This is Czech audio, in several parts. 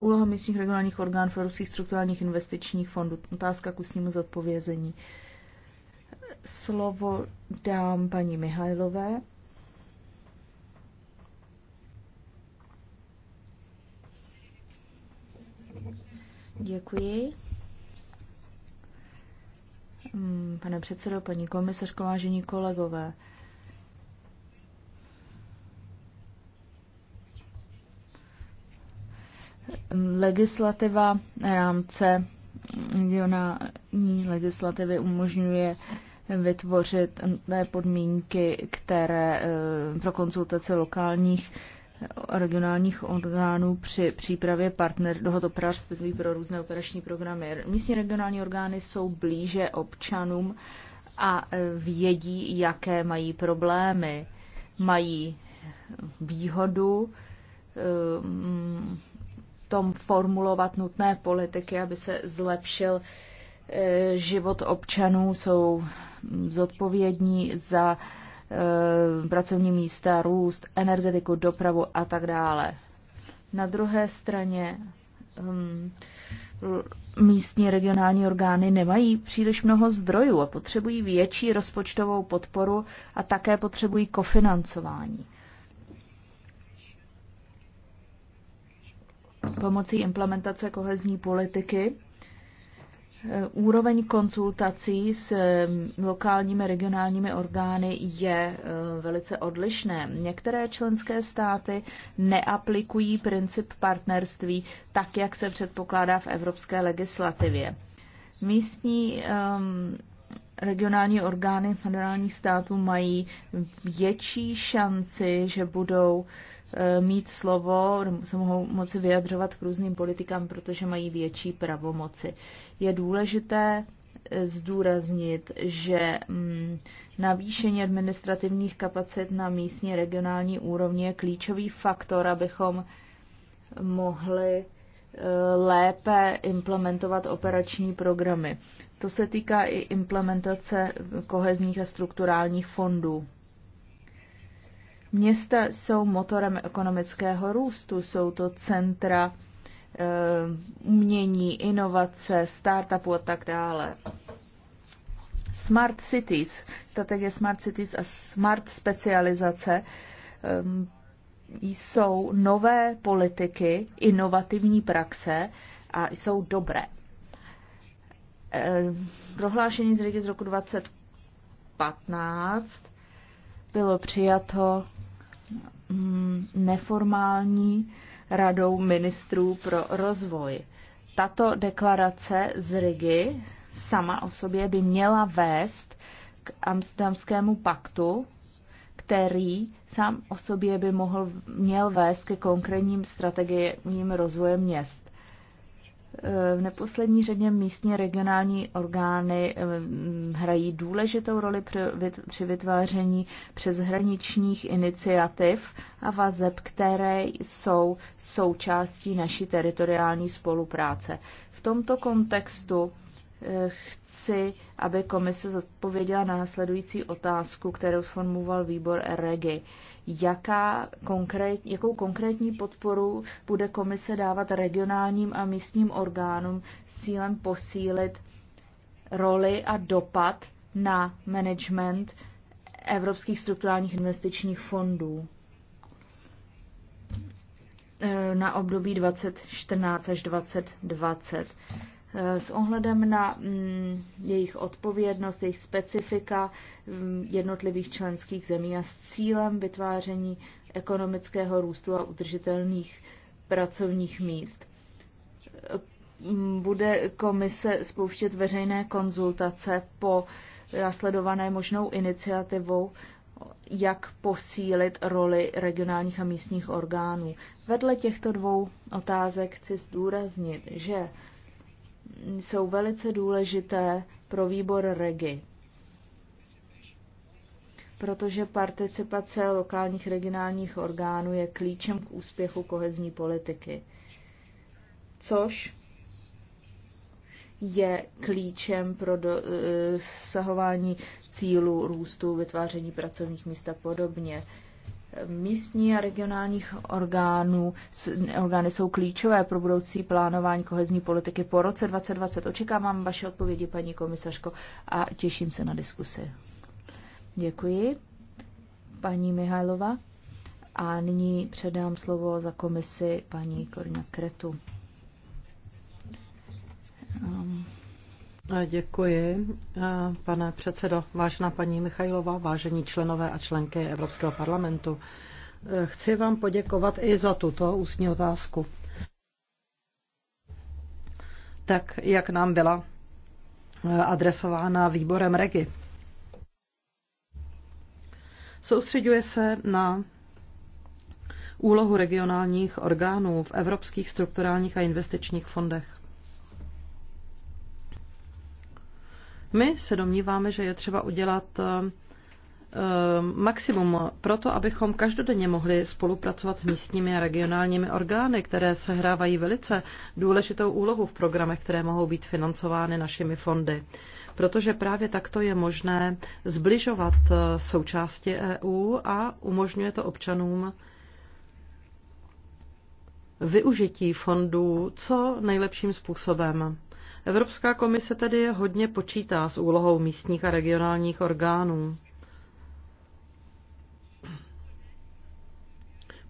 Úloha místních regionálních orgánů v evropských strukturálních investičních fondů. Otázka k ústnímu zodpovězení. Slovo dám paní Mihajlové. Děkuji. Hmm, pane předsedo, paní komisařko, vážení kolegové, Legislativa rámce regionální legislativy umožňuje vytvořit nutné podmínky, které eh, pro konzultace lokálních regionálních orgánů při přípravě partner dohod o pro různé operační programy. Místní regionální orgány jsou blíže občanům a eh, vědí, jaké mají problémy. Mají výhodu eh, tom formulovat nutné politiky, aby se zlepšil e, život občanů, jsou zodpovědní za e, pracovní místa, růst, energetiku, dopravu a tak dále. Na druhé straně hmm, místní regionální orgány nemají příliš mnoho zdrojů a potřebují větší rozpočtovou podporu a také potřebují kofinancování. pomocí implementace kohezní politiky, eh, Úroveň konzultací s eh, lokálními regionálními orgány je eh, velice odlišné. Některé členské státy neaplikují princip partnerství tak, jak se předpokládá v evropské legislativě. Místní um, regionální orgány federálních států mají větší šanci, že budou uh, E, mít slovo, se mohou moci vyjadřovat k různým politikám, protože mají větší pravomoci. Je důležité e, zdůraznit, že mm, navýšení administrativních kapacit na místní regionální úrovni je klíčový faktor, abychom mohli e, lépe implementovat operační programy. To se týká i implementace kohezních a strukturálních fondů. Města jsou motorem ekonomického růstu, jsou to centra eh, umění, inovace, startupů a tak dále. Smart cities, strategie smart cities a smart specializace ehm, jsou nové politiky, inovativní praxe a jsou dobré. Ehm, prohlášení z roku 2015 bylo přijato Mm, neformální radou ministrů pro rozvoj. Tato deklarace z Rigi sama o sobě by měla vést k Amsterdamskému paktu, který sám o sobě by mohl, měl vést ke konkrétním strategiím rozvoje měst. V neposlední řadě místní regionální orgány eh, hrají důležitou roli při vytváření přeshraničních iniciativ a vazeb, které jsou součástí naší teritoriální spolupráce. V tomto kontextu chci, aby komise zodpověděla na následující otázku, kterou sformuloval výbor REGI. Jaká konkrét, jakou konkrétní podporu bude komise dávat regionálním a místním orgánům s cílem posílit roli a dopad na management evropských strukturálních investičních fondů e, na období 2014 až 2020? S ohledem na mm, jejich odpovědnost, jejich specifika mm, jednotlivých členských zemí a s cílem vytváření ekonomického růstu a udržitelných pracovních míst. Bude komise spouštět veřejné konzultace po následované možnou iniciativou, jak posílit roli regionálních a místních orgánů. Vedle těchto dvou otázek chci zdůraznit, že jsou velice důležité pro výbor REGI, protože participace lokálních regionálních orgánů je klíčem k úspěchu kohezní politiky, což je klíčem pro dosahování e, cílů růstu, vytváření pracovních míst a podobně. Místní a regionálních orgánů, orgány jsou klíčové pro budoucí plánování kohezní politiky po roce 2020. Očekávám vaše odpovědi, paní komisařko, a těším se na diskusi. Děkuji, paní Mihajlova. A nyní předám slovo za komisi paní Korina Kretu. Děkuji, pane předsedo, vážená paní Michajlova, vážení členové a členky Evropského parlamentu. Chci vám poděkovat i za tuto ústní otázku. Tak, jak nám byla e, adresována výborem REGI. Soustředuje se na úlohu regionálních orgánů v evropských strukturálních a investičních fondech. My se domníváme, že je třeba udělat eh, eh, maximum pro to, abychom každodenně mohli spolupracovat s místními a regionálními orgány, které sehrávají velice důležitou úlohu v programech, které mohou být financovány našimi fondy. Protože právě takto je možné zbližovat eh, součásti EU a umožňuje to občanům využití fondů co nejlepším způsobem. Evropská komise tedy hodně počítá s úlohou místních a regionálních orgánů.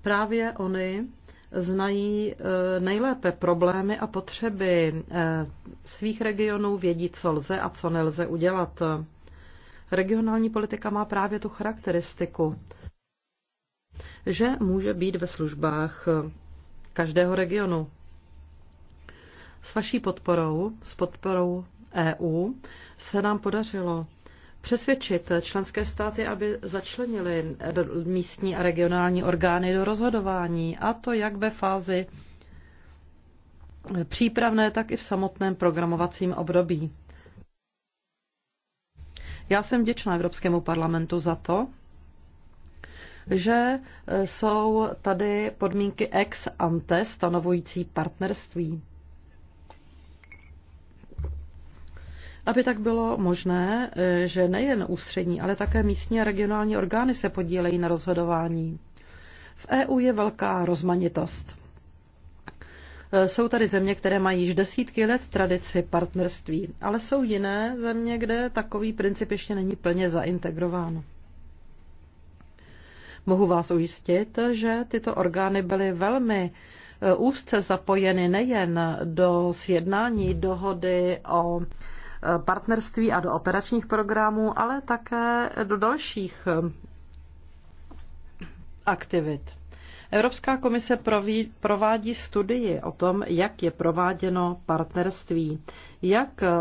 Právě oni znají eh, nejlépe problémy a potřeby eh, svých regionů, vědí, co lze a co nelze udělat. Regionální politika má právě tu charakteristiku, že může být ve službách každého regionu. S vaší podporou, s podporou EU, se nám podařilo přesvědčit členské státy, aby začlenili místní a regionální orgány do rozhodování, a to jak ve fázi přípravné, tak i v samotném programovacím období. Já jsem vděčná Evropskému parlamentu za to, že jsou tady podmínky ex ante stanovující partnerství. aby tak bylo možné, e, že nejen ústřední, ale také místní a regionální orgány se podílejí na rozhodování. V EU je velká rozmanitost. E, jsou tady země, které mají již desítky let tradici partnerství, ale jsou jiné země, kde takový princip ještě není plně zaintegrován. Mohu vás ujistit, že tyto orgány byly velmi e, úzce zapojeny nejen do sjednání dohody o partnerství a do operačních programů, ale také do dalších eh, aktivit. Evropská komise provádí studii o tom, jak je prováděno partnerství, jak eh,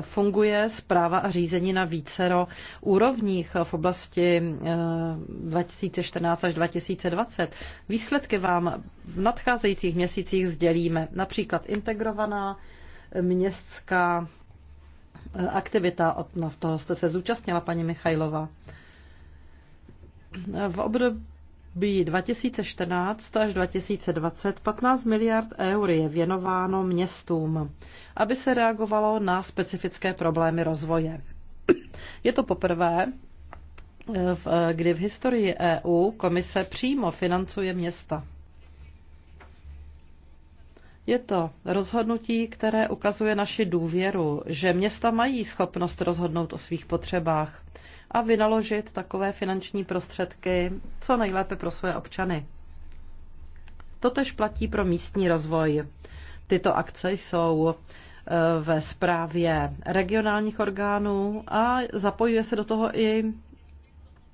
funguje zpráva a řízení na vícero úrovních v oblasti 2014 eh, až 2020. Výsledky vám v nadcházejících měsících sdělíme, například integrovaná městská aktivita, no, v toho jste se zúčastnila, paní Michajlova. V období 2014 až 2020 15 miliard eur je věnováno městům, aby se reagovalo na specifické problémy rozvoje. Je to poprvé, eh, kdy v historii EU komise přímo financuje města. Je to rozhodnutí, které ukazuje naši důvěru, že města mají schopnost rozhodnout o svých potřebách a vynaložit takové finanční prostředky co nejlépe pro své občany. Totež platí pro místní rozvoj. Tyto akce jsou e, ve správě regionálních orgánů a zapojuje se do toho i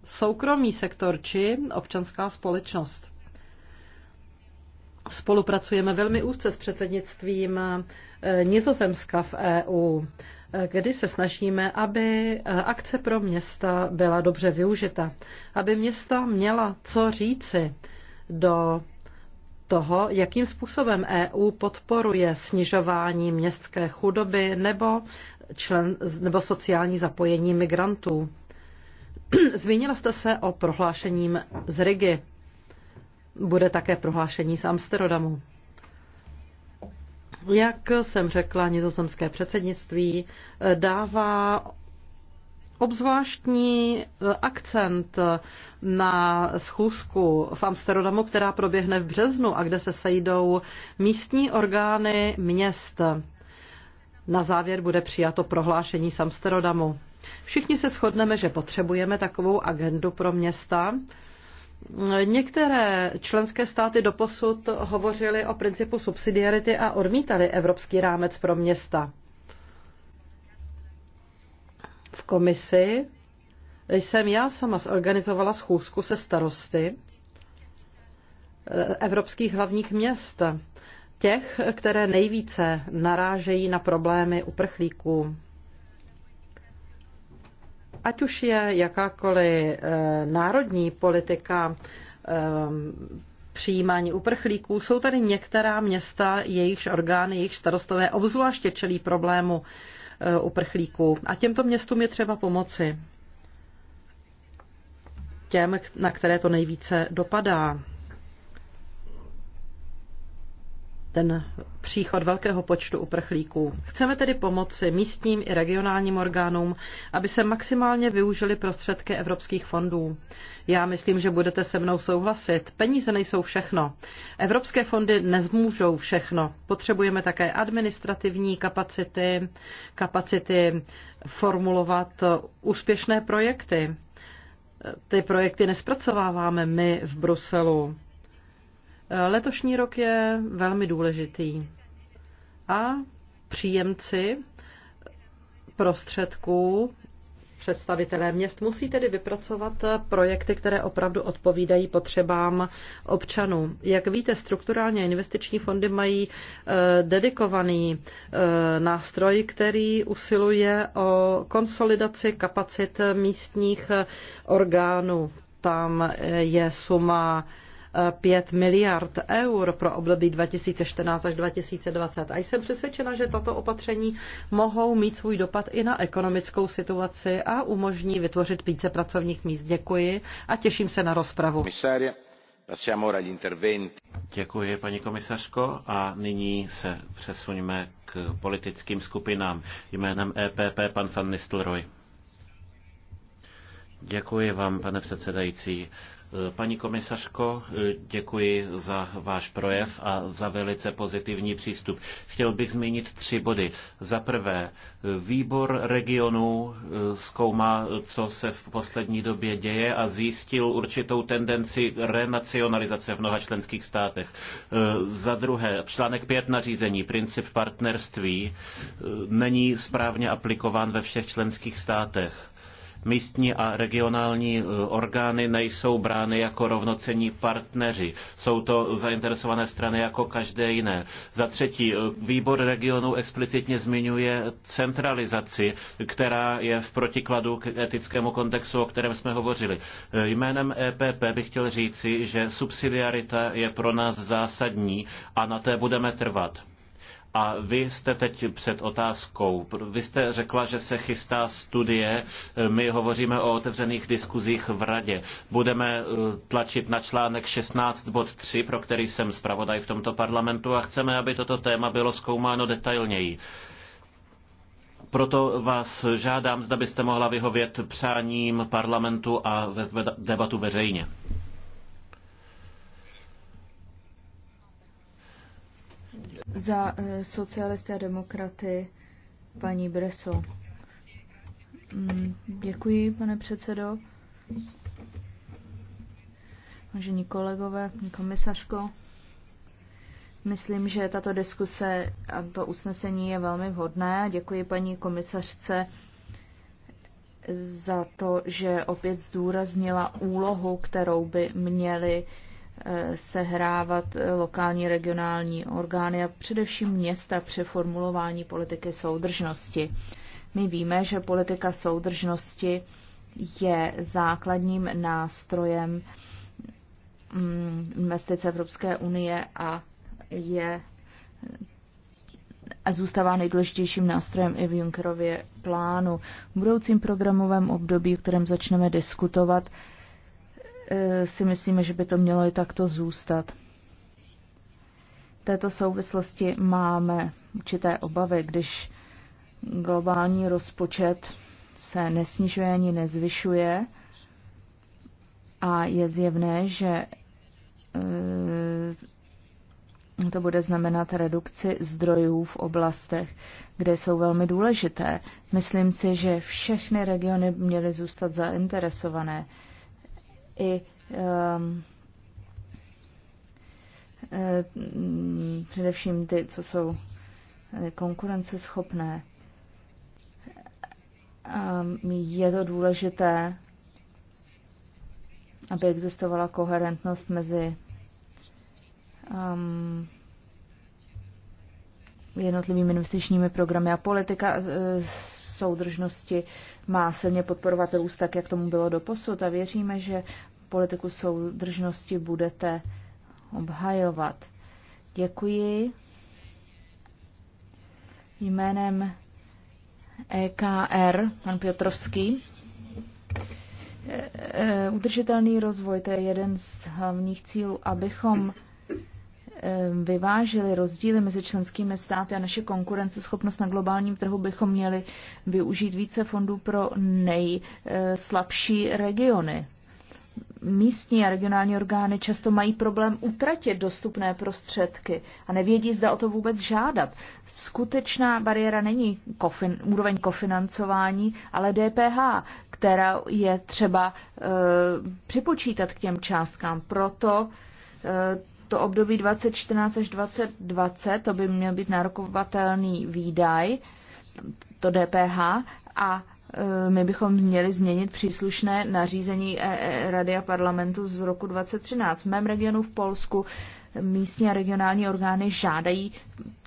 soukromý sektor či občanská společnost. Spolupracujeme velmi úzce s předsednictvím eh, Nizozemska v EU, eh, kdy se snažíme, aby eh, akce pro města byla dobře využita, aby města měla co říci do toho, jakým způsobem EU podporuje snižování městské chudoby nebo, člen, nebo sociální zapojení migrantů. Zmínila jste se o prohlášením z Rigi bude také prohlášení z Amsterdamu. Jak jsem řekla, nizozemské předsednictví eh, dává obzvláštní eh, akcent eh, na schůzku v Amsterdamu, která proběhne v březnu a kde se sejdou místní orgány měst. Na závěr bude přijato prohlášení z Amsterdamu. Všichni se shodneme, že potřebujeme takovou agendu pro města Některé členské státy doposud hovořily o principu subsidiarity a odmítali evropský rámec pro města. V komisi jsem já sama zorganizovala schůzku se starosty eh, evropských hlavních měst, těch, které nejvíce narážejí na problémy uprchlíků. Ať už je jakákoliv eh, národní politika eh, přijímání uprchlíků, jsou tady některá města, jejichž orgány, jejich starostové obzvláště čelí problému eh, uprchlíků. A těmto městům je třeba pomoci. Těm, na které to nejvíce dopadá. ten příchod velkého počtu uprchlíků. Chceme tedy pomoci místním i regionálním orgánům, aby se maximálně využili prostředky evropských fondů. Já myslím, že budete se mnou souhlasit. Peníze nejsou všechno. Evropské fondy nezmůžou všechno. Potřebujeme také administrativní kapacity, kapacity formulovat úspěšné projekty. Ty projekty nespracováváme my v Bruselu Letošní rok je velmi důležitý a příjemci prostředků představitelé měst musí tedy vypracovat projekty, které opravdu odpovídají potřebám občanů. Jak víte, strukturálně investiční fondy mají e, dedikovaný e, nástroj, který usiluje o konsolidaci kapacit místních orgánů. Tam e, je suma 5 miliard eur pro období 2014 až 2020. A jsem přesvědčena, že tato opatření mohou mít svůj dopad i na ekonomickou situaci a umožní vytvořit více pracovních míst. Děkuji a těším se na rozpravu. Děkuji, paní komisařko, a nyní se přesuňme k politickým skupinám. Jménem EPP pan van Nistelrooy. Děkuji vám, pane předsedající. Paní komisařko, děkuji za váš projev a za velice pozitivní přístup. Chtěl bych zmínit tři body. Za prvé, výbor regionů eh, zkoumá, co se v poslední době děje a zjistil určitou tendenci renacionalizace v mnoha členských státech. Eh, za druhé, článek 5 nařízení, princip partnerství, eh, není správně aplikován ve všech členských státech. Místní a regionální eh, orgány nejsou brány jako rovnocenní partneři. Jsou to zainteresované strany jako každé jiné. Za třetí, eh, výbor regionu explicitně zmiňuje centralizaci, která je v protikladu k etickému kontextu, o kterém jsme hovořili. Eh, jménem EPP bych chtěl říci, že subsidiarita je pro nás zásadní a na té budeme trvat. A vy jste teď před otázkou. Vy jste řekla, že se chystá studie. My hovoříme o otevřených diskuzích v radě. Budeme eh, tlačit na článek 16.3, pro který jsem zpravodaj v tomto parlamentu a chceme, aby toto téma bylo zkoumáno detailněji. Proto vás žádám, zda byste mohla vyhovět přáním parlamentu a debatu veřejně. Za eh, socialisty a demokraty paní Breso. Mm, děkuji, pane předsedo. Vážení kolegové, komisařko, myslím, že tato diskuse a to usnesení je velmi vhodné. Děkuji paní komisařce za to, že opět zdůraznila úlohu, kterou by měly Eh, sehrávat eh, lokální regionální orgány a především města při formulování politiky soudržnosti. My víme, že politika soudržnosti je základním nástrojem mm, investice Evropské unie a je a zůstává nejdůležitějším nástrojem i v Junckerově plánu. V budoucím programovém období, o kterém začneme diskutovat, Eh, si myslíme, že by to mělo i takto zůstat. V této souvislosti máme určité obavy, když globální rozpočet se nesnižuje ani nezvyšuje a je zjevné, že eh, to bude znamenat redukci zdrojů v oblastech, kde jsou velmi důležité. Myslím si, že všechny regiony měly zůstat zainteresované i um, především ty, co jsou eh, konkurenceschopné. Je to důležité, aby existovala koherentnost mezi um, jednotlivými investičními programy a politika eh, soudržnosti má silně podporovat růst tak, jak tomu bylo do posud, a věříme, že politiku soudržnosti budete obhajovat. Děkuji. Jménem EKR, pan Piotrovský. E, e, udržitelný rozvoj, to je jeden z hlavních cílů, abychom Eh, vyvážili rozdíly mezi členskými státy a naše konkurenceschopnost na globálním trhu, bychom měli využít více fondů pro nejslabší regiony. Místní a regionální orgány často mají problém utratit dostupné prostředky a nevědí, zda o to vůbec žádat. Skutečná bariéra není kofin, úroveň kofinancování, ale DPH, která je třeba e, připočítat k těm částkám. Proto e, to období 2014 až 2020, to by měl být nárokovatelný výdaj, to DPH, a e, my bychom měli změnit příslušné nařízení e, e, Rady a parlamentu z roku 2013. V mém regionu v Polsku místní a regionální orgány žádají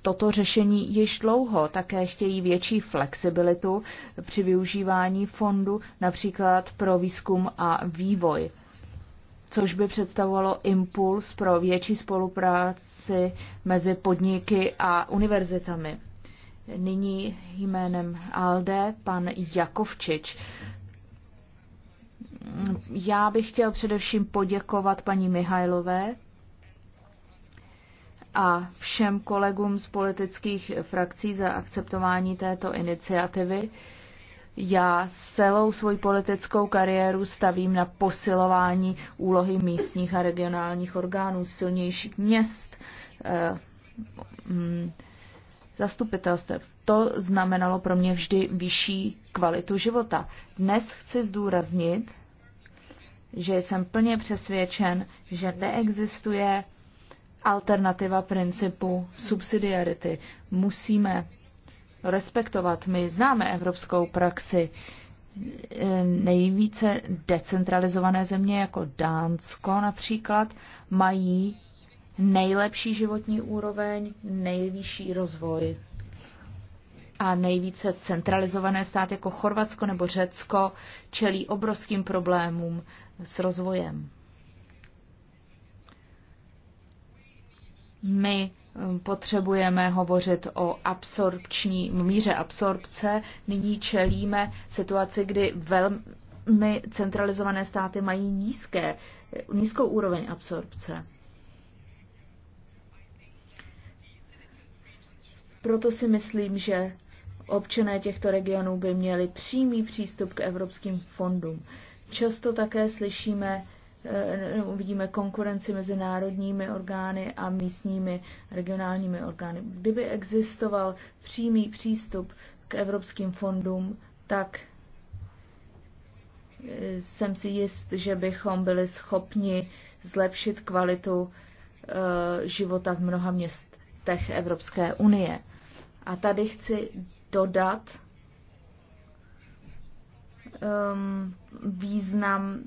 toto řešení již dlouho. Také chtějí větší flexibilitu při využívání fondu, například pro výzkum a vývoj což by představovalo impuls pro větší spolupráci mezi podniky a univerzitami. Nyní jménem ALDE pan Jakovčič. Já bych chtěl především poděkovat paní Mihajlové a všem kolegům z politických frakcí za akceptování této iniciativy. Já celou svoji politickou kariéru stavím na posilování úlohy místních a regionálních orgánů, silnějších měst, eh, mm, zastupitelstev. To znamenalo pro mě vždy vyšší kvalitu života. Dnes chci zdůraznit, že jsem plně přesvědčen, že neexistuje alternativa principu subsidiarity. Musíme respektovat. My známe evropskou praxi. E, nejvíce decentralizované země, jako Dánsko například, mají nejlepší životní úroveň, nejvyšší rozvoj. A nejvíce centralizované státy jako Chorvatsko nebo Řecko čelí obrovským problémům s rozvojem. My potřebujeme hovořit o absorpční, míře absorpce. Nyní čelíme situaci, kdy velmi centralizované státy mají nízké, nízkou úroveň absorpce. Proto si myslím, že občané těchto regionů by měli přímý přístup k evropským fondům. Často také slyšíme Eh, no, uvidíme konkurenci mezi národními orgány a místními regionálními orgány. Kdyby existoval přímý přístup k evropským fondům, tak eh, jsem si jist, že bychom byli schopni zlepšit kvalitu eh, života v mnoha městech Evropské unie. A tady chci dodat, um, význam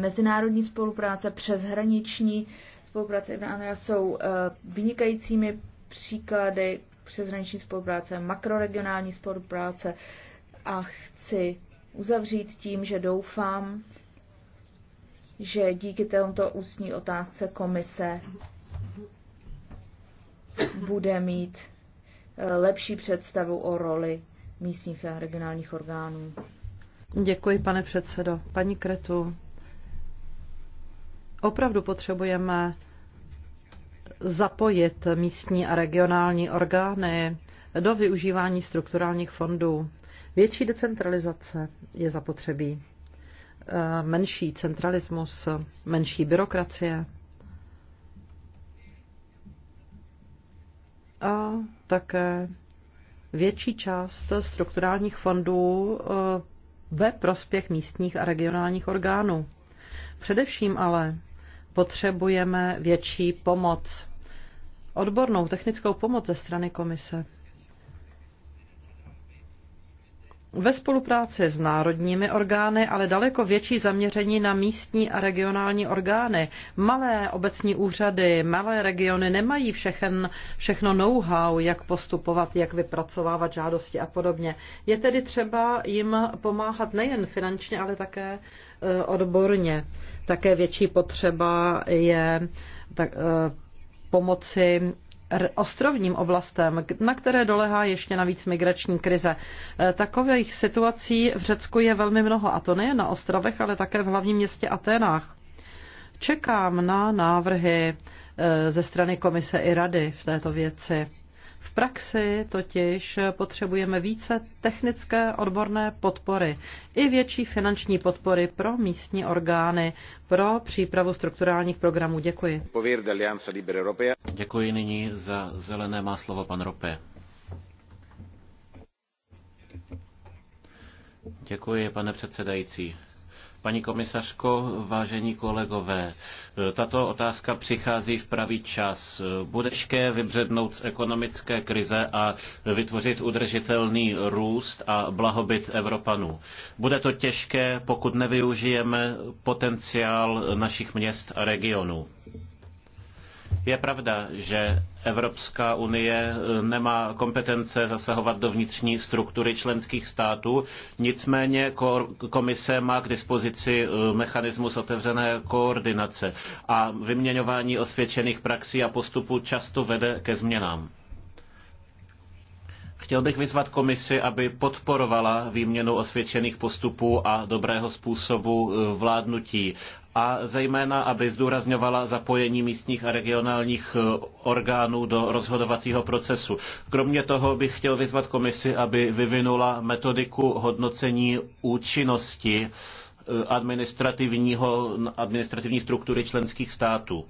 mezinárodní spolupráce, přeshraniční spolupráce Ibrana jsou uh, vynikajícími příklady přeshraniční spolupráce, makroregionální spolupráce a chci uzavřít tím, že doufám, že díky této ústní otázce komise bude mít uh, lepší představu o roli místních a regionálních orgánů. Děkuji, pane předsedo. Paní Kretu, opravdu potřebujeme zapojit místní a regionální orgány do využívání strukturálních fondů. Větší decentralizace je zapotřebí. Eh, menší centralismus, menší byrokracie. A také větší část strukturálních fondů eh, ve prospěch místních a regionálních orgánů. Především ale potřebujeme větší pomoc, odbornou technickou pomoc ze strany komise. ve spolupráci s národními orgány, ale daleko větší zaměření na místní a regionální orgány. Malé obecní úřady, malé regiony nemají všechen, všechno know-how, jak postupovat, jak vypracovávat žádosti a podobně. Je tedy třeba jim pomáhat nejen finančně, ale také e, odborně. Také větší potřeba je tak, e, pomoci ostrovním oblastem, na které dolehá ještě navíc migrační krize. E, takových situací v Řecku je velmi mnoho, a to nejen na ostrovech, ale také v hlavním městě Aténách. Čekám na návrhy e, ze strany komise i rady v této věci. V praxi totiž potřebujeme více technické odborné podpory i větší finanční podpory pro místní orgány pro přípravu strukturálních programů. Děkuji. Děkuji nyní za zelené má slovo pan Rope. Děkuji, pane předsedající. Paní komisařko, vážení kolegové, tato otázka přichází v pravý čas. Bude šké vybřednout z ekonomické krize a vytvořit udržitelný růst a blahobyt Evropanů. Bude to těžké, pokud nevyužijeme potenciál našich měst a regionů. Je pravda, že Evropská unie e, nemá kompetence zasahovat do vnitřní struktury členských států, nicméně komise má k dispozici e, mechanismus otevřené koordinace a vyměňování osvědčených praxí a postupů často vede ke změnám. Chtěl bych vyzvat komisi, aby podporovala výměnu osvědčených postupů a dobrého způsobu e, vládnutí a zejména, aby zdůrazňovala zapojení místních a regionálních eh, orgánů do rozhodovacího procesu. Kromě toho bych chtěl vyzvat komisi, aby vyvinula metodiku hodnocení účinnosti eh, administrativního, administrativní struktury členských států.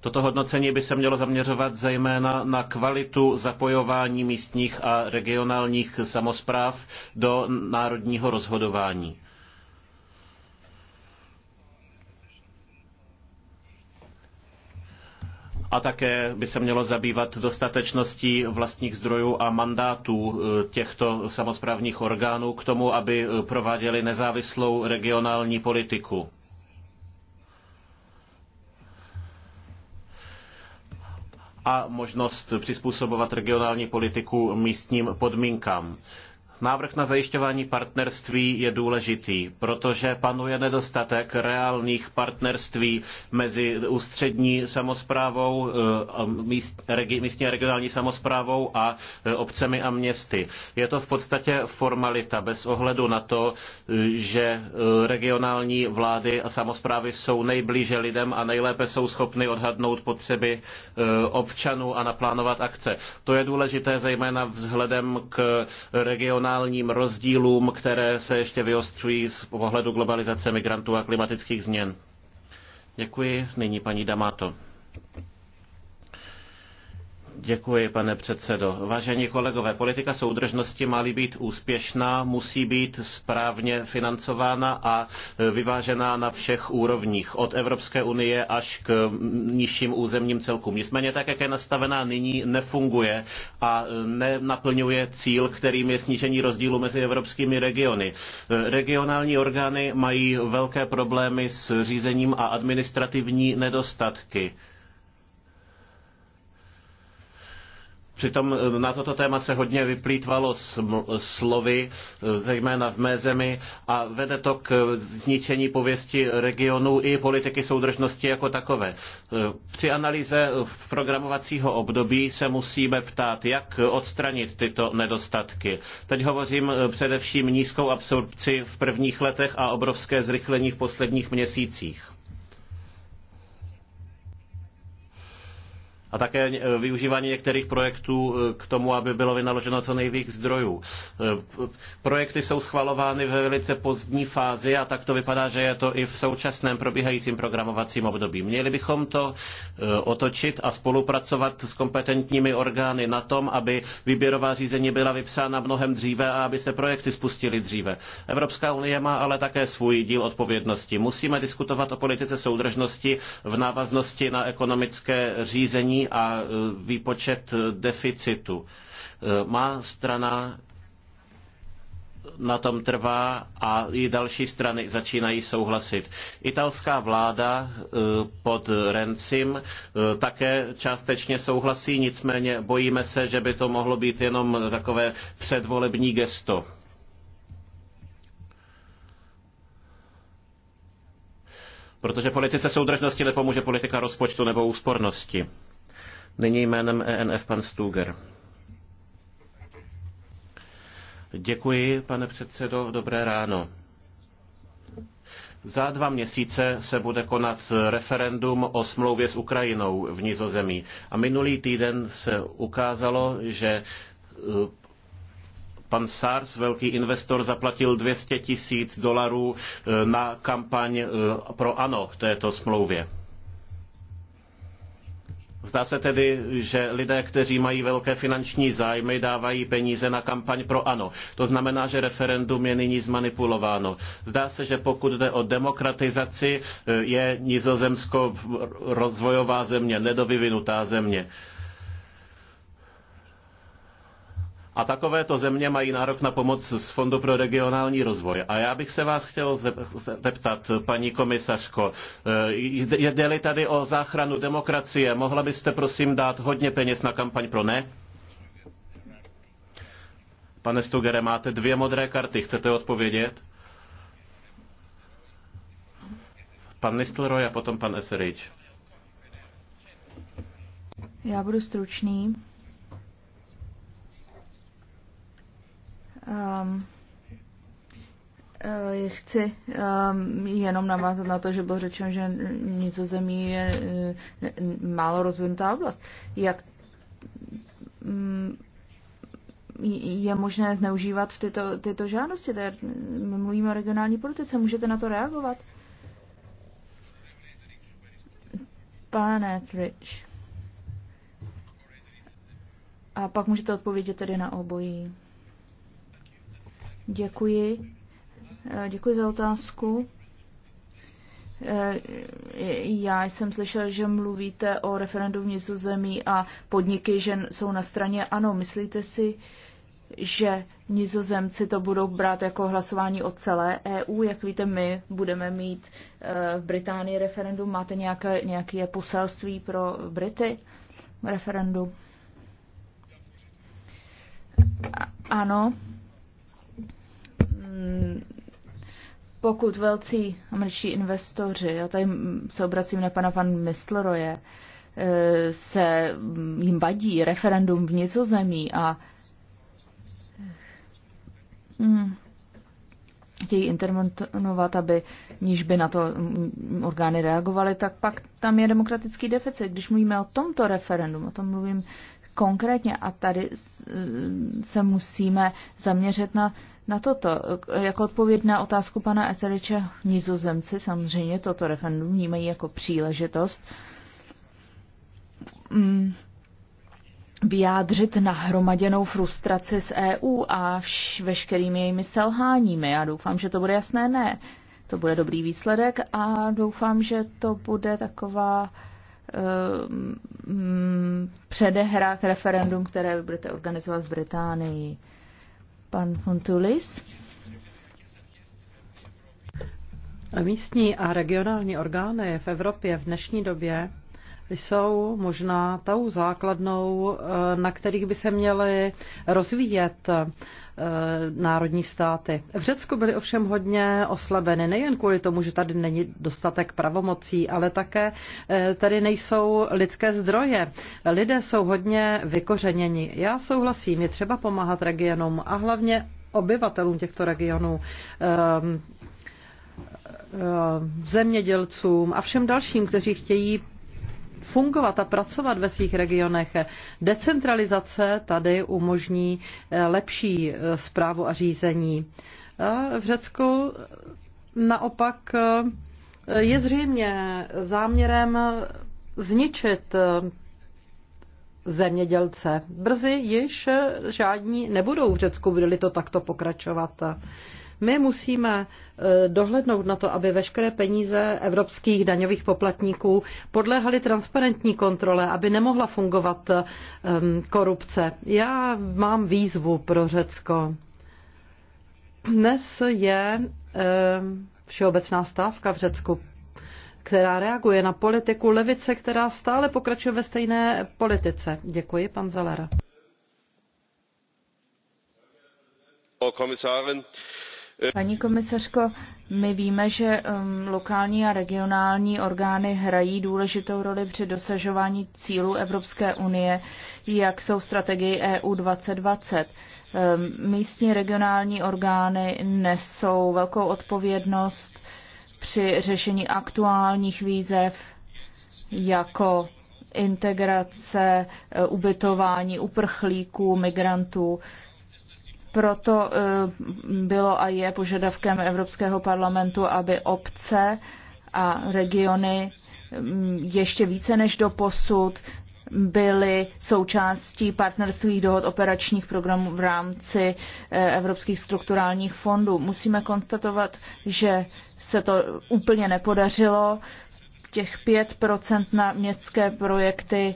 Toto hodnocení by se mělo zaměřovat zejména na kvalitu zapojování místních a regionálních samospráv do národního rozhodování. a také by se mělo zabývat dostatečností vlastních zdrojů a mandátů e, těchto samosprávních orgánů k tomu, aby e, prováděli nezávislou regionální politiku. a možnost přizpůsobovat regionální politiku místním podmínkám. Návrh na zajišťování partnerství je důležitý, protože panuje nedostatek reálných partnerství mezi ústřední samosprávou, eh, místní a regionální samosprávou a eh, obcemi a městy. Je to v podstatě formalita bez ohledu na to, eh, že regionální vlády a samosprávy jsou nejblíže lidem a nejlépe jsou schopny odhadnout potřeby občanů a naplánovat akce. To je důležité zejména vzhledem k regionální regionálním rozdílům, které se ještě vyostřují z pohledu globalizace migrantů a klimatických změn. Děkuji. Nyní paní Damato. Děkuji, pane předsedo. Vážení kolegové, politika soudržnosti má být úspěšná, musí být správně financována a vyvážená na všech úrovních, od Evropské unie až k nižším územním celkům. Nicméně tak, jak je nastavená nyní, nefunguje a nenaplňuje cíl, kterým je snížení rozdílu mezi evropskými regiony. Regionální orgány mají velké problémy s řízením a administrativní nedostatky Přitom eh, na toto téma se hodně vyplýtvalo slovy, eh, zejména v mé zemi, a vede to k eh, zničení pověsti regionu i politiky soudržnosti jako takové. Při analýze programovacího období se musíme ptát, jak odstranit tyto nedostatky. Teď hovořím především nízkou absorpci v prvních letech a obrovské zrychlení v posledních měsících. a také eh, využívání některých projektů eh, k tomu, aby bylo vynaloženo co nejvíc zdrojů. Eh, projekty jsou schvalovány ve velice pozdní fázi a tak to vypadá, že je to i v současném probíhajícím programovacím období. Měli bychom to otočit a spolupracovat s kompetentními orgány na tom, aby výběrová řízení byla vypsána mnohem dříve a aby se projekty spustily dříve. Evropská unie má ale také svůj díl odpovědnosti. Musíme diskutovat o politice soudržnosti v návaznosti na ekonomické řízení a e, výpočet e, deficitu. E, má strana na tom trvá a i další strany začínají souhlasit. Italská vláda pod Rencim také částečně souhlasí, nicméně bojíme se, že by to mohlo být jenom takové předvolební gesto. Protože politice soudržnosti nepomůže politika rozpočtu nebo úspornosti. Nyní jménem ENF pan Stuger. Děkuji, pane předsedo, dobré ráno. Za dva měsíce se bude konat referendum o smlouvě s Ukrajinou v Nizozemí. A minulý týden se ukázalo, že eh, pan Sars, velký investor, zaplatil 200 tisíc dolarů eh, na kampaň eh, pro ano této smlouvě. Zdá se tedy, že lidé, kteří mají velké finanční zájmy, dávají peníze na kampaň pro ano. To znamená, že referendum je nyní zmanipulováno. Zdá se, že pokud jde o demokratizaci, je Nizozemsko rozvojová země, nedovyvinutá země. A takovéto země mají nárok na pomoc z Fondu pro regionální rozvoj. A já bych se vás chtěl zeptat, paní komisařko, eh, jde-li tady o záchranu demokracie, mohla byste prosím dát hodně peněz na kampaň pro ne? Pane Stugere, máte dvě modré karty, chcete odpovědět? Pan Nistelrooy a potom pan Etheridge. Já budu stručný. Um, Chci um, jenom navázat na to, že bylo řečeno, že Nizozemí je eh, málo rozvinutá oblast. Jak um, je možné zneužívat tyto, tyto žádosti? Tady my mluvíme o regionální politice, můžete na to reagovat? Pane Trich. A pak můžete odpovědět tedy na obojí. Děkuji. Eh, děkuji za otázku. Eh, já jsem slyšel, že mluvíte o referendu v Nizozemí a podniky, že jsou na straně ano. Myslíte si, že Nizozemci to budou brát jako hlasování o celé EU? Jak víte, my budeme mít eh, v Británii referendum. Máte nějaké, nějaké poselství pro Brity referendum? Ano pokud velcí američtí investoři, já tady se obracím na pana van Mistleroje, eh, se mm, jim vadí referendum v Nizozemí a hmm, chtějí intervenovat, aby níž by na to mm, orgány reagovaly, tak pak tam je demokratický deficit. Když mluvíme o tomto referendum, o tom mluvím konkrétně a tady se musíme zaměřit na, na toto. Jako odpověď na otázku pana Eteriče, nizozemci samozřejmě toto referendum vnímají jako příležitost mm, vyjádřit nahromaděnou frustraci z EU a vš- veškerými jejími selháními. Já doufám, že to bude jasné ne. To bude dobrý výsledek a doufám, že to bude taková uh, Eh, předehra k referendum, které budete organizovat v Británii. Pan Fontulis? Místní a regionální orgány v Evropě v dnešní době jsou možná tou základnou, eh, na kterých by se měly rozvíjet Eh, národní státy. V Řecku byly ovšem hodně oslabeny, nejen kvůli tomu, že tady není dostatek pravomocí, ale také eh, tady nejsou lidské zdroje. Lidé jsou hodně vykořeněni. Já souhlasím, je třeba pomáhat regionům a hlavně obyvatelům těchto regionů eh, zemědělcům a všem dalším, kteří chtějí fungovat a pracovat ve svých regionech. Decentralizace tady umožní eh, lepší zprávu eh, a řízení. V Řecku naopak eh, je zřejmě záměrem zničit zemědělce. Brzy již žádní nebudou v Řecku, bude-li to takto pokračovat. My musíme e, dohlednout na to, aby veškeré peníze evropských daňových poplatníků podléhaly transparentní kontrole, aby nemohla fungovat e, korupce. Já mám výzvu pro Řecko. Dnes je e, všeobecná stávka v Řecku která reaguje na politiku levice, která stále pokračuje ve stejné politice. Děkuji, pan Zalera. Paní komisařko, my víme, že um, lokální a regionální orgány hrají důležitou roli při dosažování cílů Evropské unie, jak jsou strategii EU 2020. Um, místní regionální orgány nesou velkou odpovědnost při řešení aktuálních výzev, jako integrace, uh, ubytování uprchlíků, migrantů, proto eh, bylo a je požadavkem Evropského parlamentu, aby obce a regiony mm, ještě více než do posud byly součástí partnerství dohod operačních programů v rámci eh, evropských strukturálních fondů. Musíme konstatovat, že se to úplně nepodařilo. Těch 5% na městské projekty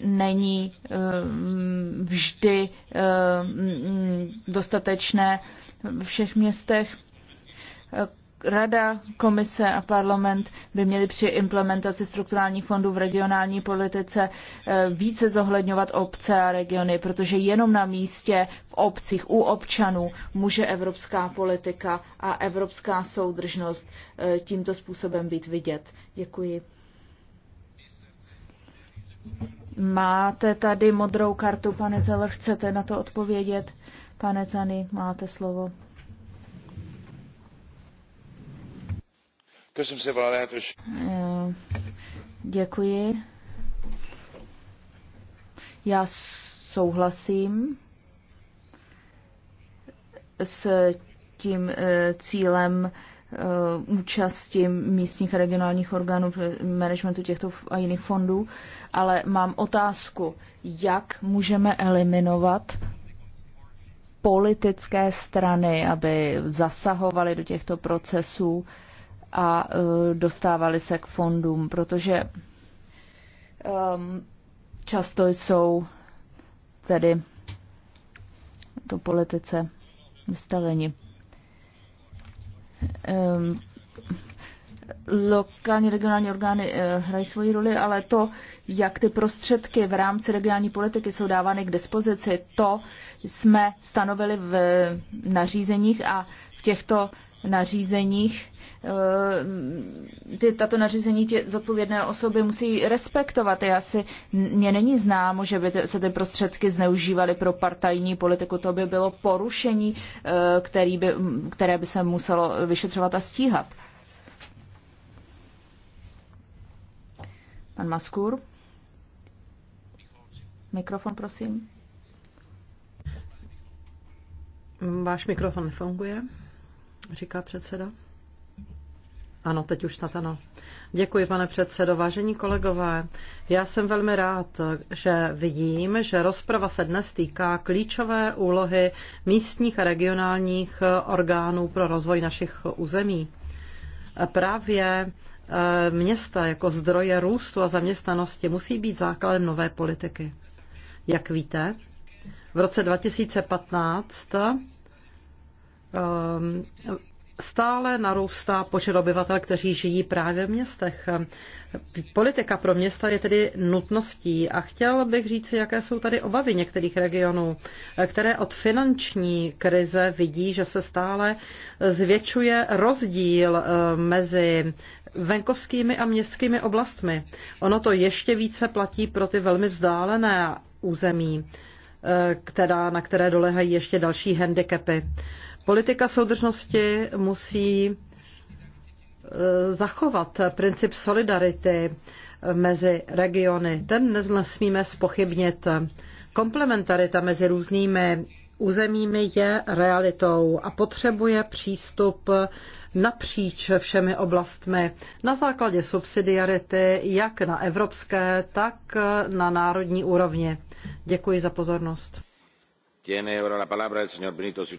není eh, vždy eh, dostatečné ve všech městech. Rada, komise a parlament by měly při implementaci strukturálních fondů v regionální politice eh, více zohledňovat obce a regiony, protože jenom na místě, v obcích, u občanů může evropská politika a evropská soudržnost tímto způsobem být vidět. Děkuji. Máte tady modrou kartu, pane Zeller, chcete na to odpovědět? Pane Zany, máte slovo. Eh, děkuji. Já souhlasím s tím eh, cílem Eh, účasti místních a regionálních orgánů managementu těchto a jiných fondů, ale mám otázku, jak můžeme eliminovat politické strany, aby zasahovaly do těchto procesů a eh, dostávali se k fondům, protože um, často jsou tedy to politice vystaveni. Ehm, lokální regionální orgány eh, hrají svoji roli, ale to, jak ty prostředky v rámci regionální politiky jsou dávány k dispozici, to jsme stanovili v nařízeních a v těchto nařízeních. Eh, ty, tato nařízení tě, zodpovědné osoby musí respektovat. Já si, mě není známo, že by se ty prostředky zneužívaly pro partajní politiku. To by bylo porušení, eh, který by, které by se muselo vyšetřovat a stíhat. Pan Maskur. Mikrofon, prosím. Váš mikrofon nefunguje říká předseda. Ano, teď už snad ano. Děkuji, pane předsedo. Vážení kolegové, já jsem velmi rád, že vidím, že rozprava se dnes týká klíčové úlohy místních a regionálních orgánů pro rozvoj našich území. Právě eh, města jako zdroje růstu a zaměstnanosti musí být základem nové politiky. Jak víte, v roce 2015 Ehm, stále narůstá počet obyvatel, kteří žijí právě v městech. Politika pro města je tedy nutností a chtěl bych říct, jaké jsou tady obavy některých regionů, které od finanční krize vidí, že se stále zvětšuje rozdíl ehm, mezi venkovskými a městskými oblastmi. Ono to ještě více platí pro ty velmi vzdálené území, ehm, která, na které dolehají ještě další handicapy. Politika soudržnosti musí eh, zachovat princip solidarity eh, mezi regiony. Ten nesmíme spochybnit. Komplementarita mezi různými územími je realitou a potřebuje přístup eh, napříč všemi oblastmi na základě subsidiarity jak na evropské, tak na národní úrovni. Děkuji za pozornost.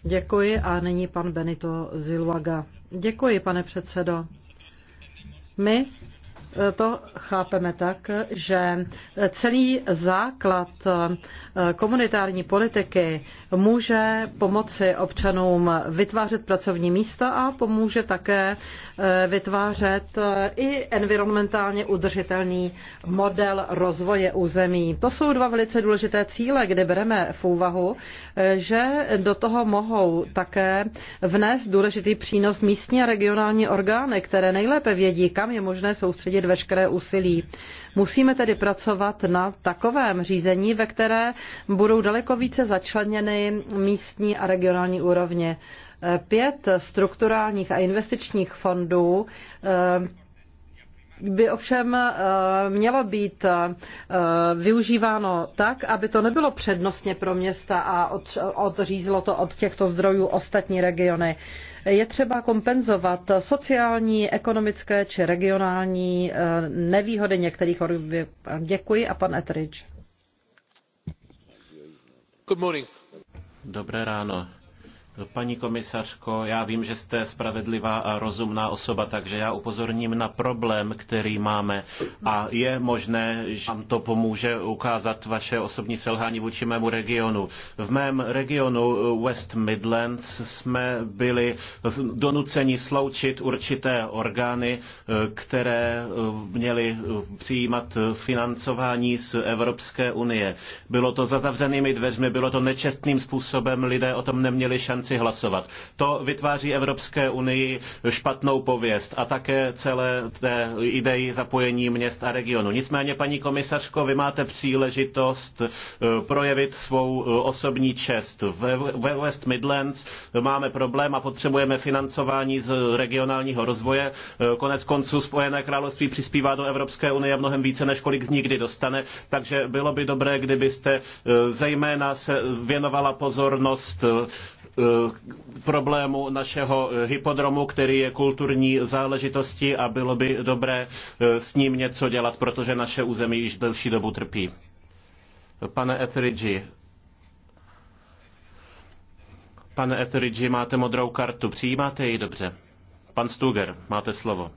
Děkuji a nyní pan Benito Zilvaga. Děkuji, pane předsedo. My to chápeme tak, že celý základ eh, komunitární politiky může pomoci občanům vytvářet pracovní místa a pomůže také eh, vytvářet eh, i environmentálně udržitelný model rozvoje území. To jsou dva velice důležité cíle, kdy bereme v úvahu, že do toho mohou také vnést důležitý přínos místní a regionální orgány, které nejlépe vědí, kam je možné soustředit soustředit veškeré úsilí. Musíme tedy pracovat na takovém řízení, ve které budou daleko více začleněny místní a regionální úrovně. Pět strukturálních a investičních fondů eh, by ovšem eh, mělo být eh, využíváno tak, aby to nebylo přednostně pro města a odřízlo to od těchto zdrojů ostatní regiony. Je třeba kompenzovat sociální, ekonomické či regionální eh, nevýhody některých Děkuji a pan Etridge. Dobré ráno. Paní komisařko, já vím, že jste spravedlivá a rozumná osoba, takže já upozorním na problém, který máme. A je možné, že vám to pomůže ukázat vaše osobní selhání vůči mému regionu. V mém regionu eh, West Midlands jsme byli donuceni sloučit určité orgány, eh, které eh, měly přijímat financování z Evropské unie. Bylo to za zavřenými dveřmi, bylo to nečestným způsobem, lidé o tom neměli šanci šanci hlasovat. To vytváří Evropské unii špatnou pověst a také celé té ideji zapojení měst a regionu. Nicméně, paní komisařko, vy máte příležitost eh, projevit svou eh, osobní čest. Ve West Midlands máme problém a potřebujeme financování z regionálního rozvoje. Eh, konec konců Spojené království přispívá do Evropské unie mnohem více, než kolik z nikdy dostane. Takže bylo by dobré, kdybyste zejména se věnovala pozornost Eh, problému našeho eh, hypodromu, který je kulturní záležitostí a bylo by dobré eh, s ním něco dělat, protože naše území již delší dobu trpí. Pane Etheridge, pane Etheridge, máte modrou kartu, přijímáte ji dobře. Pan Stuger, máte slovo.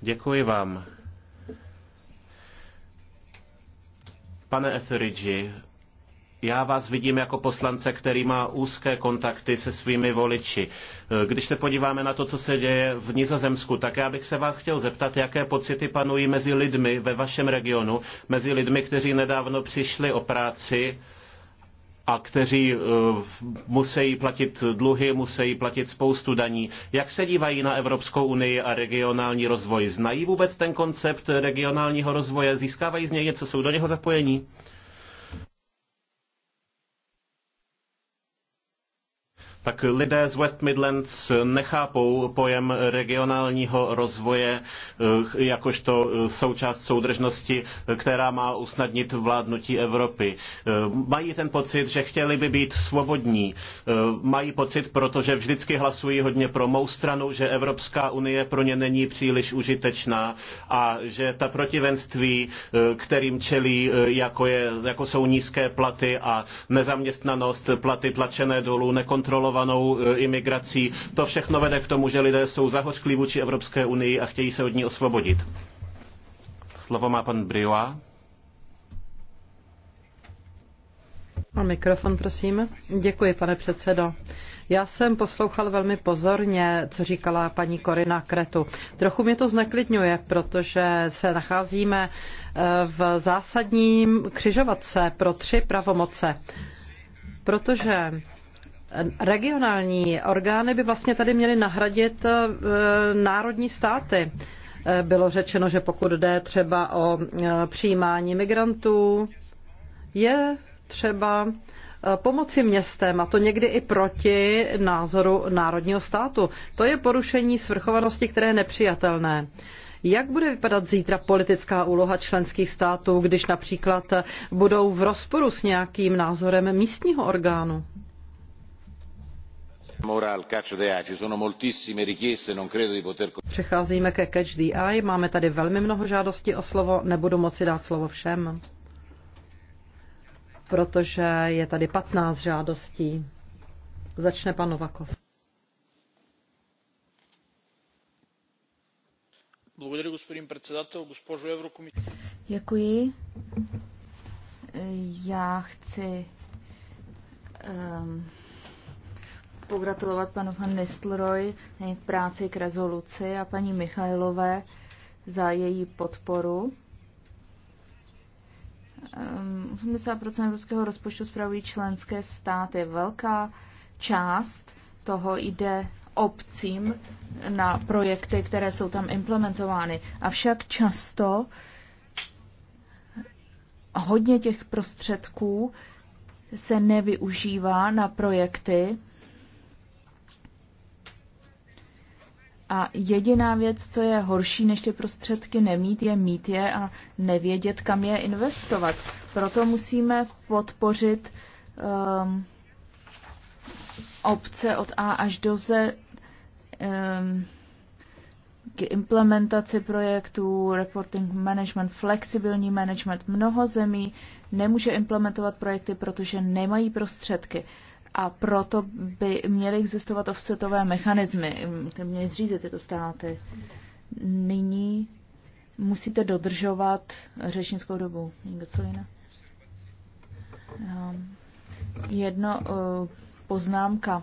Děkuji vám. Pane Etheridge, já vás vidím jako poslance, který má úzké kontakty se svými voliči. Když se podíváme na to, co se děje v Nizozemsku, tak já bych se vás chtěl zeptat, jaké pocity panují mezi lidmi ve vašem regionu, mezi lidmi, kteří nedávno přišli o práci, a kteří eh, musí platit dluhy, musí platit spoustu daní. Jak se dívají na Evropskou unii a regionální rozvoj? Znají vůbec ten koncept regionálního rozvoje? Získávají z něj něco? Jsou do něho zapojení? tak lidé z West Midlands nechápou pojem regionálního rozvoje eh, jakožto eh, součást soudržnosti, která má usnadnit vládnutí Evropy. Eh, mají ten pocit, že chtěli by být svobodní. Mají pocit, protože vždycky hlasují hodně pro mou stranu, že Evropská unie pro ně není příliš užitečná a že ta protivenství, kterým čelí, jako, je, jako jsou nízké platy a nezaměstnanost, platy tlačené dolů, nekontrolované nekontrolovanou e, imigrací. To všechno vede k tomu, že lidé jsou zahořklí vůči Evropské unii a chtějí se od ní osvobodit. Slovo má pan Brioa. A mikrofon, prosím. Děkuji, pane předsedo. Já jsem poslouchal velmi pozorně, co říkala paní Korina Kretu. Trochu mě to zneklidňuje, protože se nacházíme e, v zásadním křižovatce pro tři pravomoce. Protože Regionální orgány by vlastně tady měly nahradit eh, národní státy. Eh, bylo řečeno, že pokud jde třeba o eh, přijímání migrantů, je třeba pomoci městem, a to někdy i proti názoru národního státu. To je porušení svrchovanosti, které je nepřijatelné. Jak bude vypadat zítra politická úloha členských států, když například budou v rozporu s nějakým názorem místního orgánu? Přecházíme ke Catch the Eye. Máme tady velmi mnoho žádostí o slovo. Nebudu moci dát slovo všem, protože je tady 15 žádostí. Začne pan Novakov. Děkuji. Já chci um, pogratulovat panu van Nistelrooy v práci k rezoluci a paní Michailové za její podporu. 80% ehm, evropského rozpočtu spravují členské státy. Velká část toho jde obcím na projekty, které jsou tam implementovány. Avšak často hodně těch prostředků se nevyužívá na projekty, A jediná věc, co je horší, než ty prostředky nemít, je mít je a nevědět, kam je investovat. Proto musíme podpořit um, obce od A až do Z um, k implementaci projektů, reporting management, flexibilní management. Mnoho zemí nemůže implementovat projekty, protože nemají prostředky a proto by měly existovat offsetové mechanismy, mm, které měly zřízet tyto státy. Nyní musíte dodržovat řečnickou dobu. Někdo co jiné? Ehm, jedno eh, poznámka.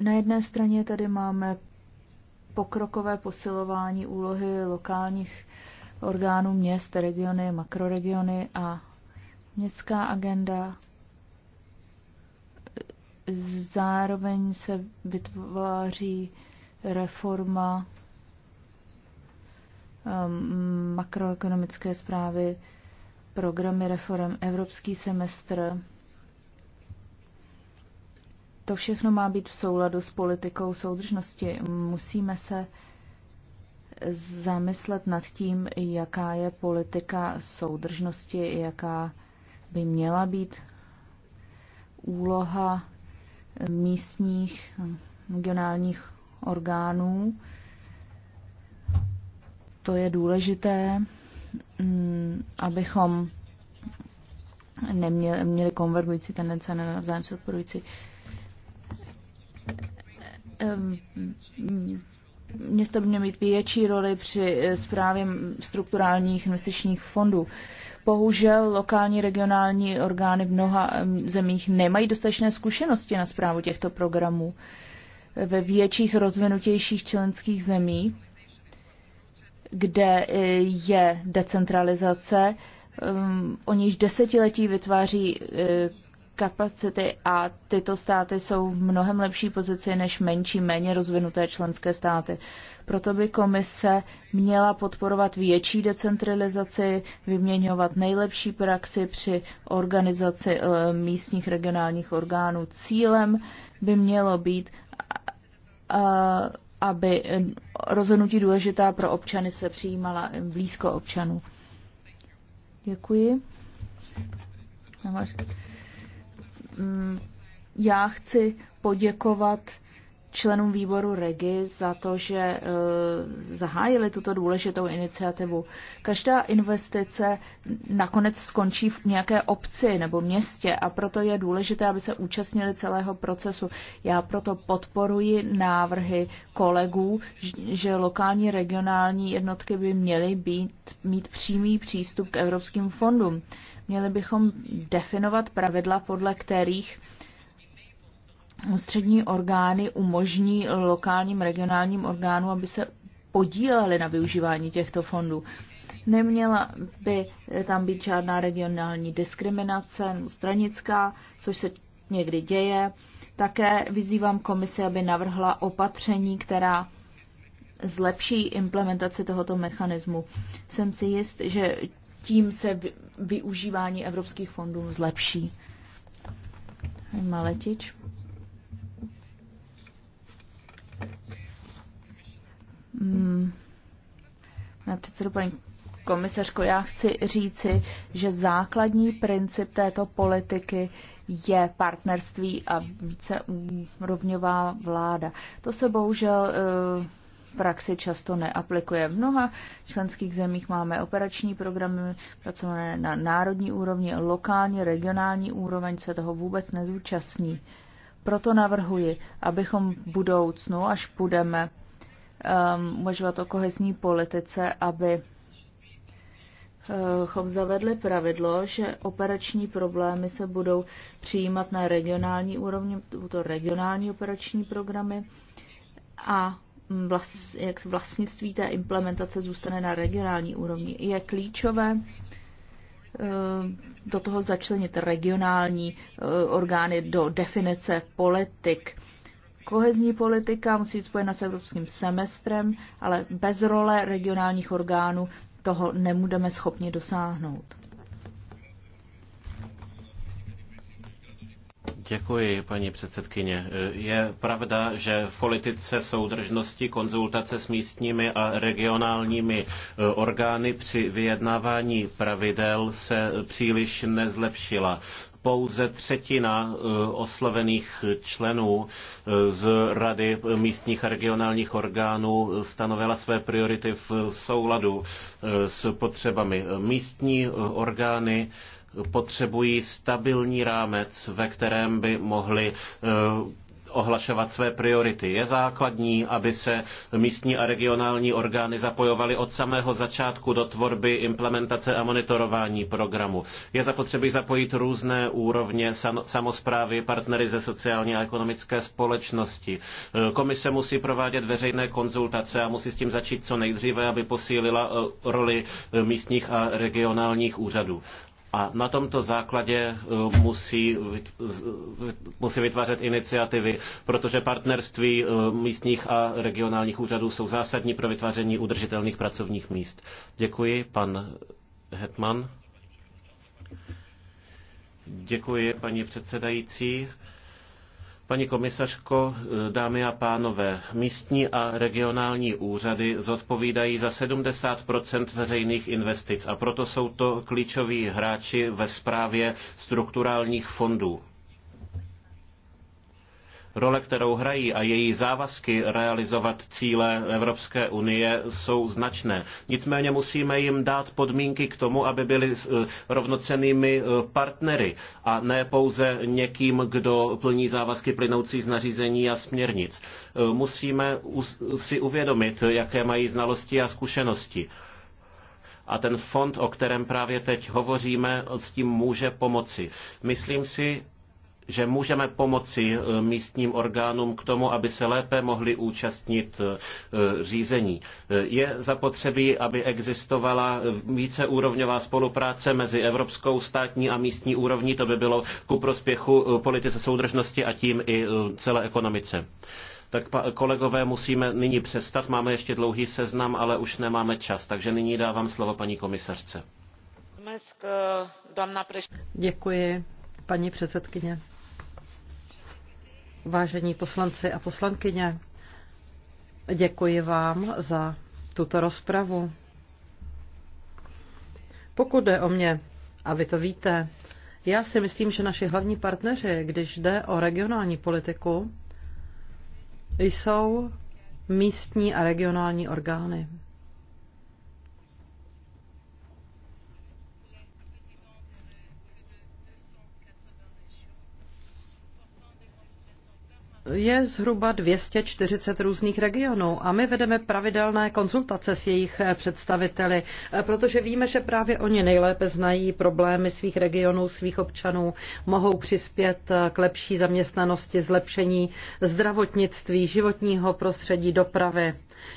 Na jedné straně tady máme pokrokové posilování úlohy lokálních orgánů měst, regiony, makroregiony a městská agenda Zároveň se vytváří reforma um, makroekonomické zprávy, programy reform, evropský semestr. To všechno má být v souladu s politikou soudržnosti. Musíme se zamyslet nad tím, jaká je politika soudržnosti, jaká by měla být úloha místních regionálních orgánů. To je důležité, mm, abychom neměli měli konvergující tendence na navzájem se odporující. Ehm, město by mělo mít větší roli při eh, správě strukturálních investičních fondů. Bohužel lokální regionální orgány v mnoha zemích nemají dostatečné zkušenosti na zprávu těchto programů. Ve větších rozvinutějších členských zemí, kde e, je decentralizace, o již desetiletí vytváří e, kapacity a tyto státy jsou v mnohem lepší pozici než menší, méně rozvinuté členské státy. Proto by komise měla podporovat větší decentralizaci, vyměňovat nejlepší praxi při organizaci eh, místních regionálních orgánů. Cílem by mělo být, eh, aby rozhodnutí důležitá pro občany se přijímala blízko občanů. Děkuji. Namaste. Mm, já chci poděkovat členům výboru REGI za to, že eh, zahájili tuto důležitou iniciativu. Každá investice nakonec skončí v nějaké obci nebo městě a proto je důležité, aby se účastnili celého procesu. Já proto podporuji návrhy kolegů, že lokální regionální jednotky by měly být, mít přímý přístup k evropským fondům. Měli bychom definovat pravidla, podle kterých ústřední orgány umožní lokálním regionálním orgánům, aby se podíleli na využívání těchto fondů. Neměla by tam být žádná regionální diskriminace, stranická, což se někdy děje. Také vyzývám komisi, aby navrhla opatření, která zlepší implementaci tohoto mechanismu. Jsem si jist, že tím se využívání evropských fondů zlepší. Maletič. Hmm. Předsedu paní komisařko, já chci říci, že základní princip této politiky je partnerství a více víceúrovňová vláda. To se bohužel eh, praxi často neaplikuje. V mnoha členských zemích máme operační programy pracované na národní úrovni, lokální, regionální úroveň se toho vůbec nezúčastní. Proto navrhuji, abychom v budoucnu, až budeme um, uvažovat o kohezní politice, aby eh, chom zavedli pravidlo, že operační problémy se budou přijímat na regionální úrovni, to regionální operační programy a jak vlastnictví té implementace zůstane na regionální úrovni. Je klíčové eh, do toho začlenit regionální eh, orgány do definice politik. Kohezní politika musí být spojena s evropským semestrem, ale bez role regionálních orgánů toho nebudeme schopni dosáhnout. Děkuji, paní předsedkyně. Je pravda, že v politice soudržnosti konzultace s místními a regionálními eh, orgány při vyjednávání pravidel se příliš nezlepšila pouze třetina eh, oslovených členů eh, z Rady místních a regionálních orgánů stanovila své priority v souladu s potřebami. Místní orgány potřebují stabilní rámec, ve kterém by mohli eh, ohlašovat své priority. Je základní, aby se místní a regionální orgány zapojovaly od samého začátku do tvorby, implementace a monitorování programu. Je zapotřebí zapojit různé úrovně samosprávy, partnery ze sociální a ekonomické společnosti. Eh, komise musí provádět veřejné konzultace a musí s tím začít co nejdříve, aby posílila eh, roli místních a regionálních úřadů. A na tomto základě eh, musí, musí vytvářet iniciativy, protože partnerství eh, místních a regionálních úřadů jsou zásadní pro vytváření udržitelných pracovních míst. Děkuji, pan Hetman. Děkuji, paní předsedající. Paní komisařko, dámy a pánové, místní a regionální úřady zodpovídají za 70 veřejných investic a proto jsou to klíčoví hráči ve správě strukturálních fondů. Role, kterou hrají a její závazky realizovat cíle Evropské unie jsou značné. Nicméně musíme jim dát podmínky k tomu, aby byli eh, rovnocennými eh, partnery a ne pouze někým, kdo plní závazky plynoucí z nařízení a směrnic. Eh, musíme si uvědomit, jaké mají znalosti a zkušenosti. A ten fond, o kterém právě teď hovoříme, s tím může pomoci. Myslím si, že můžeme pomoci eh, místním orgánům k tomu, aby se lépe mohli účastnit eh, řízení. Eh, je zapotřebí, aby existovala víceúrovňová spolupráce mezi evropskou státní a místní úrovní. To by bylo ku prospěchu politice soudržnosti a tím i celé ekonomice. Tak kolegové, musíme nyní přestat. Máme ještě dlouhý seznam, ale už nemáme čas. Takže nyní dávám slovo paní komisařce. Děkuji, paní předsedkyně vážení poslanci a poslankyně. Děkuji vám za tuto rozpravu. Pokud jde o mě, a vy to víte, já si myslím, že naši hlavní partneři, když jde o regionální politiku, jsou místní a regionální orgány. je zhruba 240 různých regionů a my vedeme pravidelné konzultace s jejich představiteli, protože víme, že právě oni nejlépe znají problémy svých regionů, svých občanů, mohou přispět k lepší zaměstnanosti, zlepšení zdravotnictví, životního prostředí, dopravy.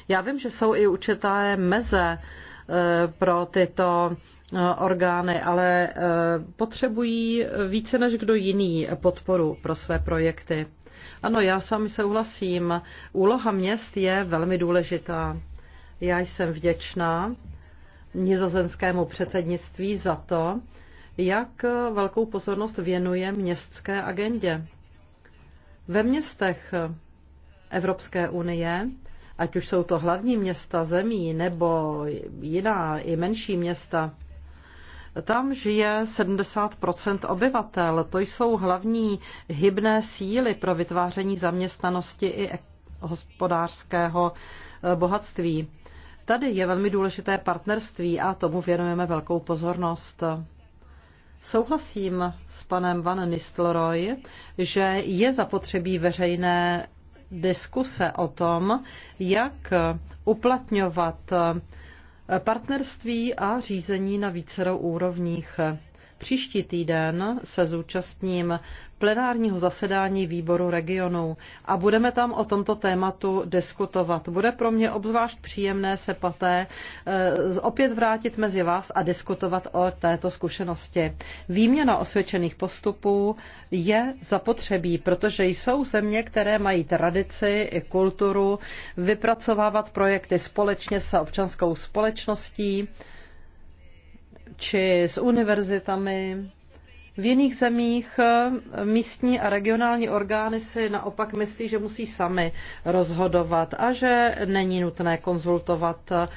Já vím, že jsou i určité meze eh, pro tyto eh, orgány, ale eh, potřebují více než kdo jiný podporu pro své projekty. Ano, já s vámi souhlasím. Úloha měst je velmi důležitá. Já jsem vděčná nizozemskému předsednictví za to, jak velkou pozornost věnuje městské agendě. Ve městech Evropské unie, ať už jsou to hlavní města zemí nebo jiná i menší města, tam žije 70 obyvatel. To jsou hlavní hybné síly pro vytváření zaměstnanosti i hospodářského eh, bohatství. Tady je velmi důležité partnerství a tomu věnujeme velkou pozornost. Souhlasím s panem Van Nistelrooy, že je zapotřebí veřejné diskuse o tom, jak uplatňovat eh, partnerství a řízení na vícero úrovních. Příští týden se zúčastním plenárního zasedání výboru regionu a budeme tam o tomto tématu diskutovat. Bude pro mě obzvlášť příjemné se paté eh, opět vrátit mezi vás a diskutovat o této zkušenosti. Výměna osvědčených postupů je zapotřebí, protože jsou země, které mají tradici i kulturu vypracovávat projekty společně se občanskou společností, či s univerzitami. V jiných zemích eh, místní a regionální orgány si naopak myslí, že musí sami rozhodovat a že není nutné konzultovat eh,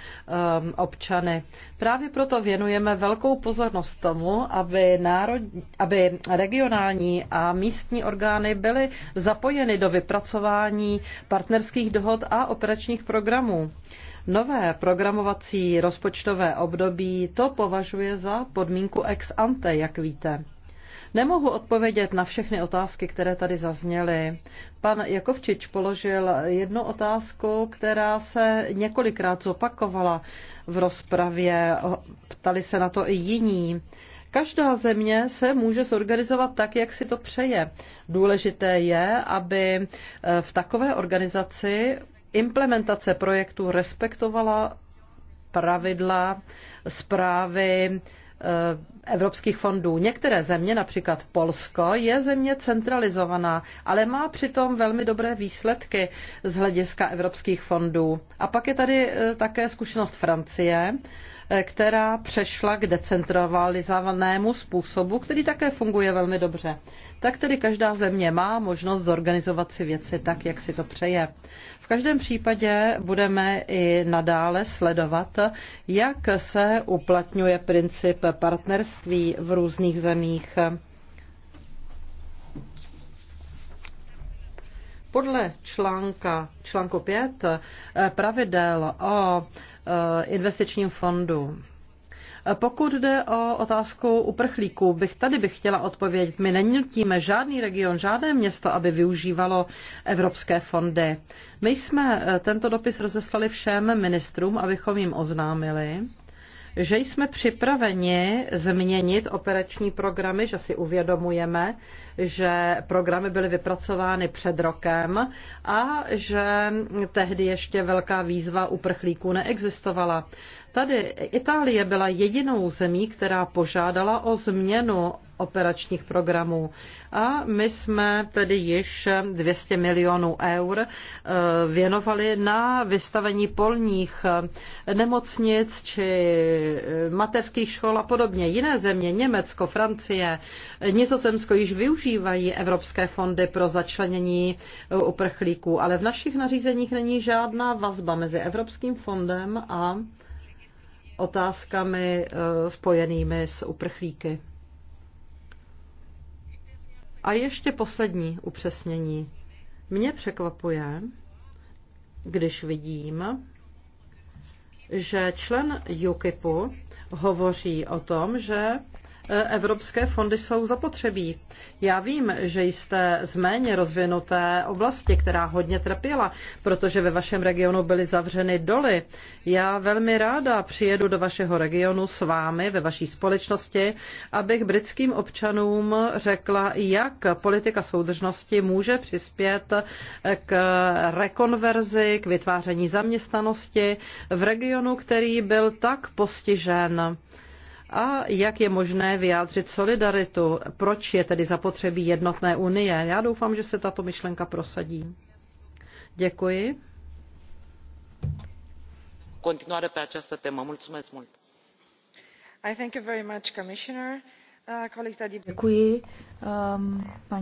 občany. Právě proto věnujeme velkou pozornost tomu, aby, národ, aby regionální a místní orgány byly zapojeny do vypracování partnerských dohod a operačních programů. Nové programovací rozpočtové období to považuje za podmínku ex ante, jak víte. Nemohu odpovědět na všechny otázky, které tady zazněly. Pan Jakovčič položil jednu otázku, která se několikrát zopakovala v rozpravě. Ptali se na to i jiní. Každá země se může zorganizovat tak, jak si to přeje. Důležité je, aby v takové organizaci implementace projektu respektovala pravidla zprávy eh, evropských fondů. Některé země, například Polsko, je země centralizovaná, ale má přitom velmi dobré výsledky z hlediska evropských fondů. A pak je tady eh, také zkušenost Francie, Eh, která přešla k decentralizovanému způsobu, který také funguje velmi dobře. Tak tedy každá země má možnost zorganizovat si věci tak, jak si to přeje. V každém případě budeme i nadále sledovat, jak se uplatňuje princip partnerství v různých zemích. Podle článka, článku 5 eh, pravidel o eh, investičním fondu eh, pokud jde o otázku uprchlíků, bych tady bych chtěla odpovědět. My nenutíme žádný region, žádné město, aby využívalo evropské fondy. My jsme tento dopis rozeslali všem ministrům, abychom jim oznámili, že jsme připraveni změnit operační programy, že si uvědomujeme, že programy byly vypracovány před rokem a že tehdy ještě velká výzva uprchlíků neexistovala. Tady Itálie byla jedinou zemí, která požádala o změnu operačních programů. A my jsme tedy již 200 milionů eur eh, věnovali na vystavení polních eh, nemocnic či eh, mateřských škol a podobně. Jiné země, Německo, Francie, Nizozemsko již využívají evropské fondy pro začlenění uprchlíků, ale v našich nařízeních není žádná vazba mezi Evropským fondem a otázkami spojenými s uprchlíky. A ještě poslední upřesnění. Mě překvapuje, když vidím, že člen UKIPu hovoří o tom, že E, evropské fondy jsou zapotřebí. Já vím, že jste z méně rozvinuté oblasti, která hodně trpěla, protože ve vašem regionu byly zavřeny doly. Já velmi ráda přijedu do vašeho regionu s vámi, ve vaší společnosti, abych britským občanům řekla, jak politika soudržnosti může přispět k rekonverzi, k vytváření zaměstnanosti v regionu, který byl tak postižen a jak je možné vyjádřit solidaritu. Proč je tedy zapotřebí jednotné unie? Já doufám, že se tato myšlenka prosadí. Děkuji. Continuare pe această temă. Mulțumesc mult. I thank you very much, Commissioner. Uh, Děkuji, um, paní